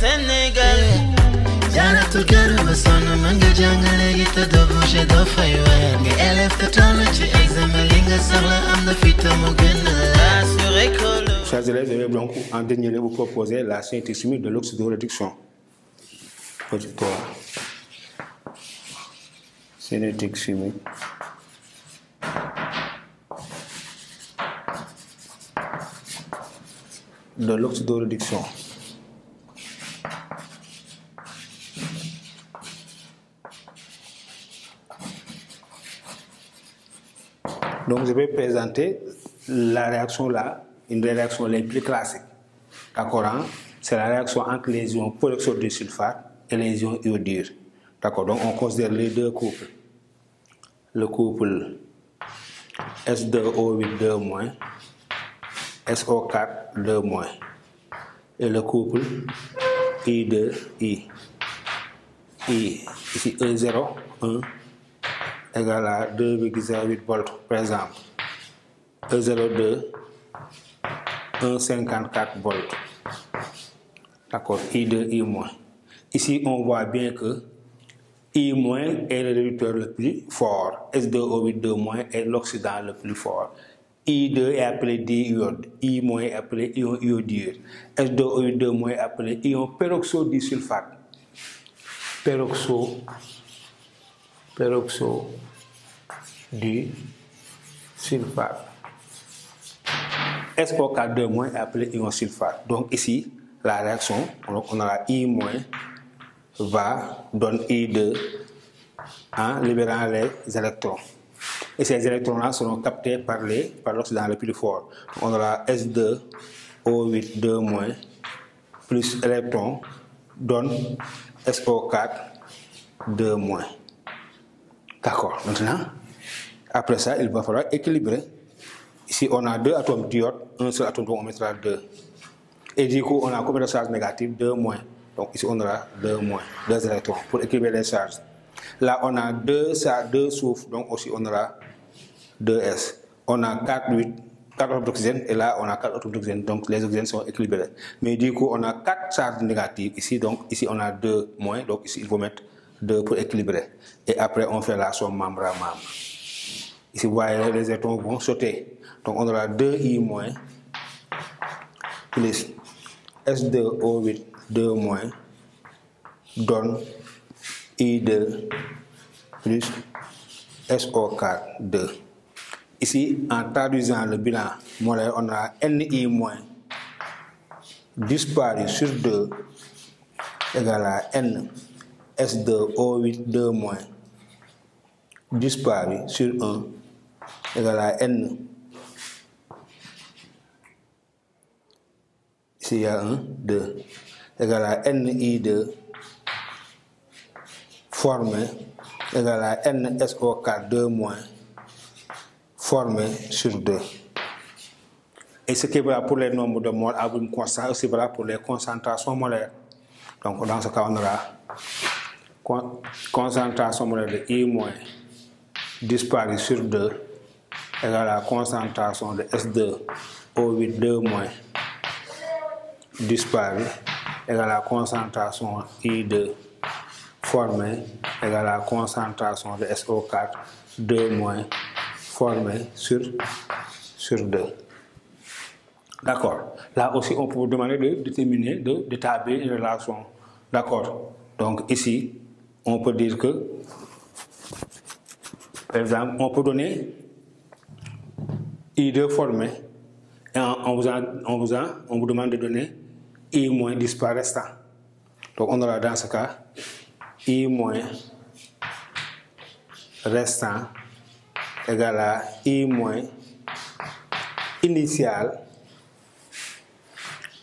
Senegal. Jaratu garu ba sonn mën nga jàng léegi te doo bouger doo fay weer nga élève te toll ci examen li nga soxla am na fi te mu gën la Chers élèves, je vais en dernier lieu vous proposer la synthétisme de l'oxydoréduction. Productoire. Cinétique chimique. De l'oxydoréduction. Donc, je vais présenter la réaction là, une des réactions les plus classiques. D'accord hein? C'est la réaction entre les ions production de sulfate et les ions iodure. D'accord Donc, on considère les deux couples. Le couple S2O8, 2 SO4, 2 Et le couple I2, I. I, ici E0, 1, égale à 2,08 volts par exemple. E02, 1,54 volts. D'accord, I2, I-. Ici, on voit bien que I- est le réducteur le plus fort. S2O8-2- est l'oxydant le plus fort. I2 est appelé diiode, I- est appelé ion iodure, S2O8-2- est appelé ion peroxodisulfate. Peroxo peroxo du sulfate. SO4 est appelé ion sulfate. Donc ici, la réaction, on a I- va donne I2 en libérant les électrons. Et ces électrons-là seront captés par les par l'oxydant le plus fort. On aura S2O8 2 plus électrons donne SO4 2 D'accord. Maintenant, après ça, il va falloir équilibrer. Ici, on a deux atomes d'iode, un seul atome on mettra deux. Et du coup, on a combien de charges négatives Deux moins. Donc ici, on aura deux moins, deux électrons pour équilibrer les charges. Là, on a deux, ça, deux souffles, donc aussi, on aura deux S. On a quatre 8, 4 atomes d'oxygène, et là, on a quatre atomes d'oxygène, donc les oxygènes sont équilibrés. Mais du coup, on a quatre charges négatives ici, donc ici, on a deux moins, donc ici, il faut mettre pour équilibrer. Et après, on fait la somme membre à membre. Ici, vous voyez, les étons vont sauter. Donc, on aura 2i moins plus S2O8, 2 moins, donne I2 plus SO4, 2. Ici, en traduisant le bilan on aura NI moins disparu sur 2 égale à N S2 O8 2 moins disparu sur 1 égale à N. Ici, il y a 1, 2 égale à NI2 formé égale à NSO4 2 moins formé sur 2. Et ce qui est valable pour les nombres de moles à ah volume constant, c'est valable pour les concentrations molaires. Donc dans ce cas, on aura concentration de I moins disparu sur 2 égale à la concentration de S2 O8 2 moins disparu égale à la concentration I2 formée égale à la concentration de SO4 2 moins formée sur, sur 2. D'accord. Là aussi, on peut vous demander de déterminer, de d'établir une relation. D'accord. Donc ici, on peut dire que, par exemple, on peut donner i de formé et on vous, on, on vous demande de donner I moins disparaissant. Donc on aura dans ce cas I moins restant égale à I moins initial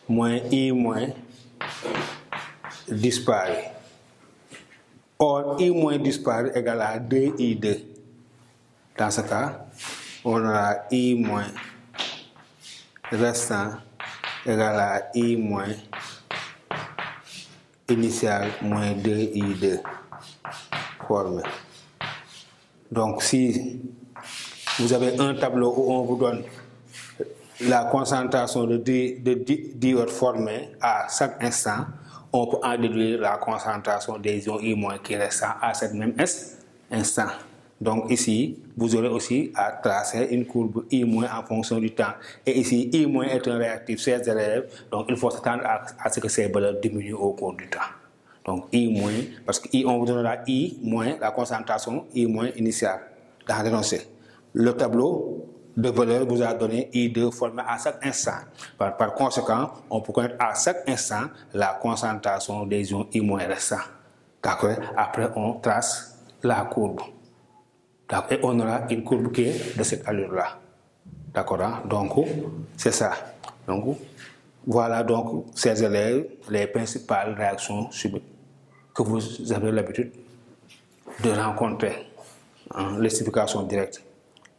moins I moins disparaît Or, i moins disparu égale à 2i2. Dans ce cas, on aura i moins restant égale à i moins initial moins 2i2 formé. Donc si vous avez un tableau où on vous donne la concentration de 10 de formées à chaque instant, on peut en déduire la concentration des ions I- qui restent à cette même instant. Donc ici, vous aurez aussi à tracer une courbe I- en fonction du temps. Et ici, I- est un réactif chez les élèves, donc il faut s'attendre à, ce que ces valeurs diminuent au cours du temps. Donc I-, parce qu'on vous donnera I-, la concentration I- initiale dans Le tableau le valeur vous a donné I2 formé à chaque instant. Par, conséquent, on peut connaître à chaque instant la concentration des ions I moins D'accord Après, on trace la courbe. Et on aura une courbe qui est de cette allure-là. D'accord hein? Donc, c'est ça. Donc, voilà donc, ces élèves, les principales réactions subies que vous avez l'habitude de rencontrer en directe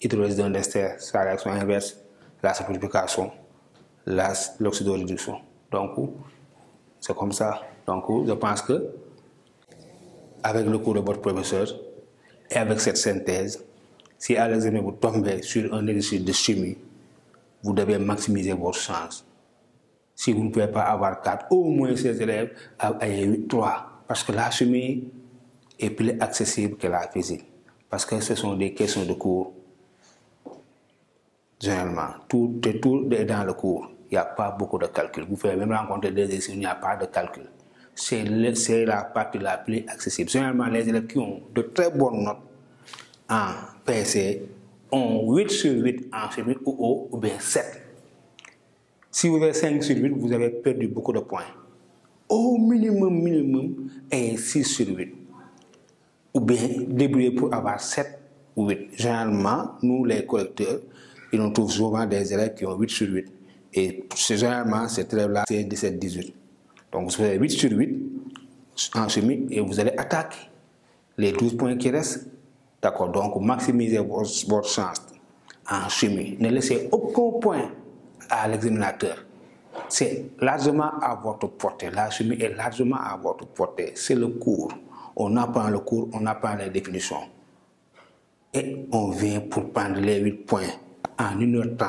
hydrolyse d'un ester, sa réaction inverse, la simplification, l'oxydoréduction. Donc, c'est comme ça. Donc, je pense que avec le cours de votre professeur et avec cette synthèse, si à l'examen vous tombez sur un exercice de chimie, vous devez maximiser vos chances. Si vous ne pouvez pas avoir quatre, au moins ces élèves aient eu trois. Parce que la chimie est plus accessible que la physique. Parce que ce sont des questions de cours Généralement, tout, tout est dans le cours. Il n'y a pas beaucoup de calculs. Vous pouvez même rencontrer des élèves, il n'y a pas de calcul. C'est la partie la plus accessible. Généralement, les élèves qui ont de très bonnes notes en PC ont 8 sur 8 en chemin ou ou 7. Si vous avez 5 sur 8, vous avez perdu beaucoup de points. Au minimum, minimum, et 6 sur 8. Ou bien débrouillez pour avoir 7 ou 8. Généralement, nous, les collecteurs, on trouve souvent des élèves qui ont 8 sur 8. Et généralement, c'est très là c'est 17-18. Donc vous faites 8 sur 8 en chimie et vous allez attaquer les 12 points qui restent. D'accord Donc maximisez votre, votre chance en chimie. Ne laissez aucun point à l'examinateur. C'est largement à votre portée. La chimie est largement à votre portée. C'est le cours. On apprend le cours, on apprend les définitions. Et on vient pour prendre les 8 points en 1h30.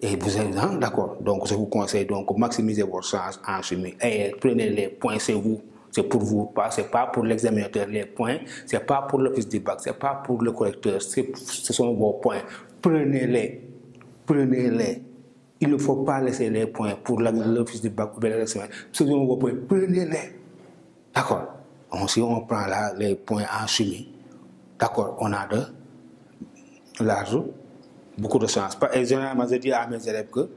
Et vous êtes hein, d'accord. Donc, je vous conseille donc maximiser vos chances en chimie. Et eh, prenez les points, c'est vous. C'est pour vous, pas, c'est pas pour l'examinateur, les points, c'est pas pour l'office du bac, c'est pas pour le correcteur, ce sont vos points. Prenez-les, prenez-les. Il ne faut pas laisser les points pour l'office du bac ou Ce sont vos points, prenez-les. D'accord Si on prend là les points en chimie, d'accord, on a de l'argent, beaucoup de sciences. Et généralement, je dis à mes élèves que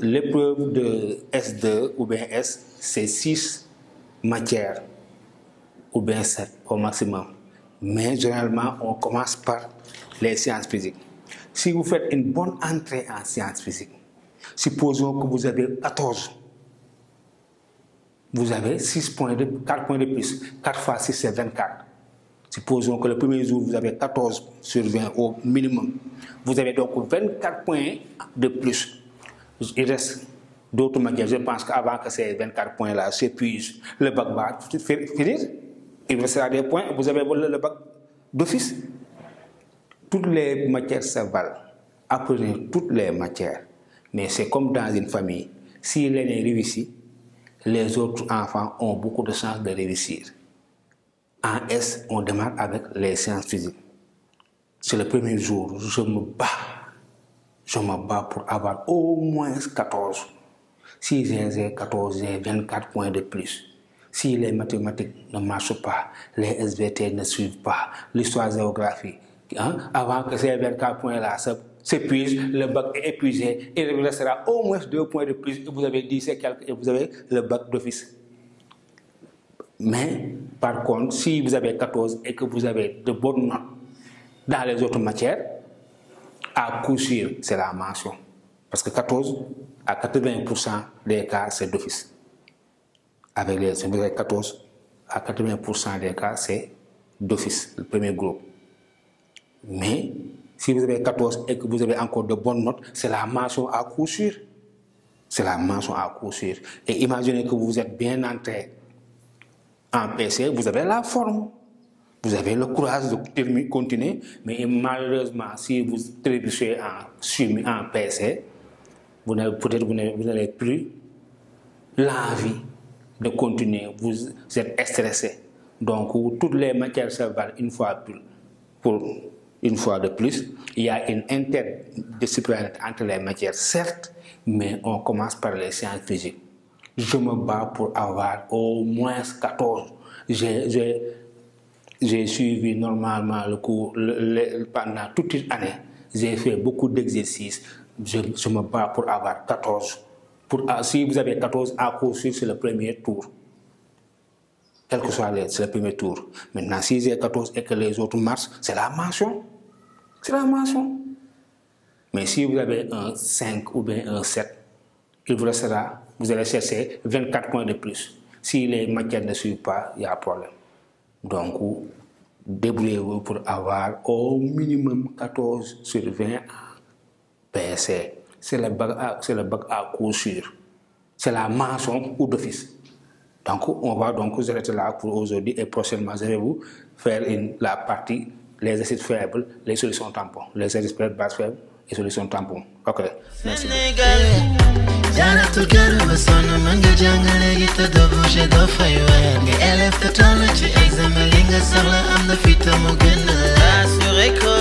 l'épreuve de S2 ou bien S, c'est 6 matières ou bien 7 au maximum. Mais généralement, on commence par les sciences physiques. Si vous faites une bonne entrée en sciences physiques, supposons que vous avez 14, vous avez 6 points de, 4 points de plus. 4 fois 6, c'est 24. Supposons que le premier jour, vous avez 14 sur 20 au minimum. Vous avez donc 24 points de plus. Il reste d'autres manières. Je pense qu'avant que ces 24 points-là s'épuisent, le bac va finir. Il restera des points. Vous avez volé le bac d'office. Toutes les matières se valent. Apprenez toutes les matières. Mais c'est comme dans une famille. Si l'aîné réussit, les autres enfants ont beaucoup de chances de réussir. En S, on démarre avec les sciences physiques. C'est le premier jour, je me bats. Je me bats pour avoir au moins 14. Si j'ai 14, j'ai 24 points de plus. Si les mathématiques ne marchent pas, les SVT ne suivent pas, l'histoire-géographie, hein, avant que ces 24 points-là s'épuisent, le bac est épuisé, il restera au moins deux points de plus, vous avez 10 et quelques, et vous avez le bac d'office. Mais par contre, si vous avez 14 et que vous avez de bonnes notes dans les autres matières, à coup sûr, c'est la mention. Parce que 14 à 80% des cas, c'est d'office. Avec les 14 à 80% des cas, c'est d'office, le premier groupe. Mais si vous avez 14 et que vous avez encore de bonnes notes, c'est la mention à coup sûr. C'est la mention à coup sûr. Et imaginez que vous êtes bien entré en PC, vous avez la forme. Vous avez le courage de continuer, mais malheureusement, si vous trébuchez en PC, vous n'avez peut-être vous n'avez plus l'envie de continuer. Vous êtes stressé. Donc, toutes les matières servent une fois pour une fois de plus, il y a une interdisciplinarité entre les matières, certes, mais on commence par les sciences physiques je me bats pour avoir au moins 14. J'ai suivi normalement le cours pendant toute l'année. année. J'ai fait beaucoup d'exercices. Je, me bats pour avoir 14. Pour, ah, si vous avez 14 à poursuivre, c'est le premier tour. Quel que soit l'aide, c'est le premier tour. Maintenant, si j'ai 14 et que les autres marchent, c'est la mention. C'est la mention. Mais si vous avez un 5 ou bien un 7, il vous restera, vous allez chercher 24 points de plus. Si les matières ne suivent pas, il y a un problème. Donc, débrouillez-vous pour avoir au minimum 14 sur 20 pc C'est le bac à, c'est à coup sûr. C'est la mention ou d'office. Donc, on va donc vous arrêter là pour aujourd'hui et prochainement, je vais vous faire la partie, les exercices faibles, les solutions tampons, les exercices de base faibles et solutions tampons. Ok, merci. Jana tukero basona manga jangale gita dobuje do faywa Nge elef tatolo chi examelinga sala amda fita mugena Asure ko